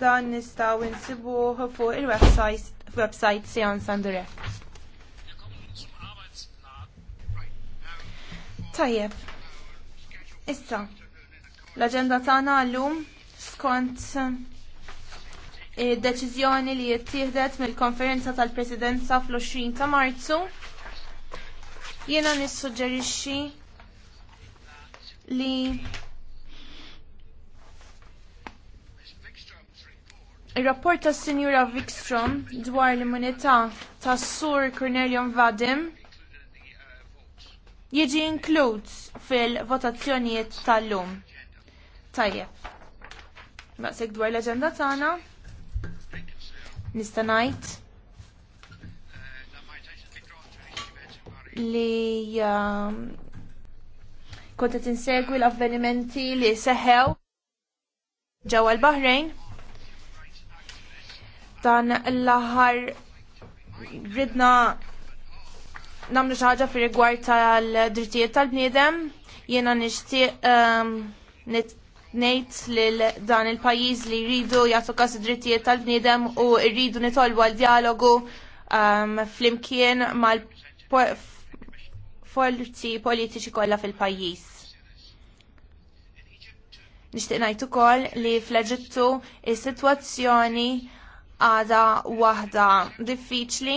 dan nistaw insibuh fuq il-website website Sean Sandurek. Tajjeb. Issa, l-agenda tagħna llum skont eh, deċiżjoni li jittieħdet mill-konferenza tal-Presidenza fl-20 ta' Marzu. Jiena nissuġġerixxi li Il-rapport ta' Sinjura Wikström dwar l-immunità ta' Sur Cornelium Vadim jiġi inklud fil-votazzjonijiet tal-lum. Tajjeb. Naqsek dwar l-agenda tagħna. Nista' ngħid. li um, kont qed insegwi l-avvenimenti li seħew ġewwa l-Bahrejn dan l ħar ridna namlu xaħġa fi rigward tal-drittijiet tal-bniedem, jena nishti ehm, nejt lil dan il-pajiz li rridu jgħatu kas drittijiet tal-bniedem u rridu nitolbu għal dialogu um, flimkien mal forzi politiċi kollha fil-pajjiż. Nixtieq ngħid ukoll li fl ġittu il sitwazzjoni għada waħda diffiċli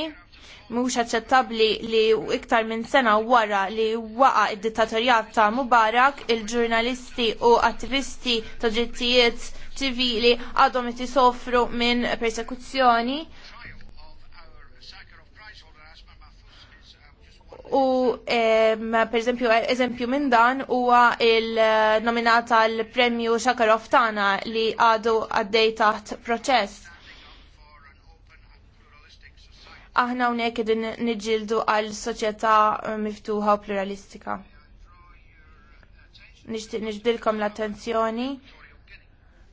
mhux aċċettabbli li iktar minn sena wara li waqa' id-dittatorjat ta' Mubarak il-ġurnalisti u attivisti ta' drittijiet ċivili għadhom qed isofru minn persekuzzjoni u eh, per eżempju eżempju minn dan huwa il-nominata l-premju Shakarov tagħna li għadu għaddej taħt proċess aħna hawnhekk qegħdin nġildu għal soċjetà eh, miftuħa u pluralistika. Nixtieq l-attenzjoni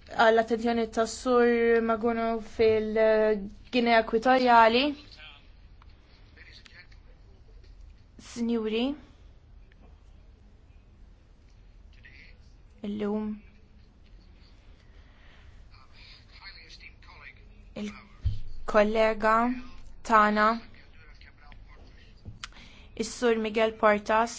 għall eh, attenzjoni tas-sur magunu fil-Ginea Ekwitorjali. Sinjuri, illum il-kollega tagħna is-Sur Miguel Portas.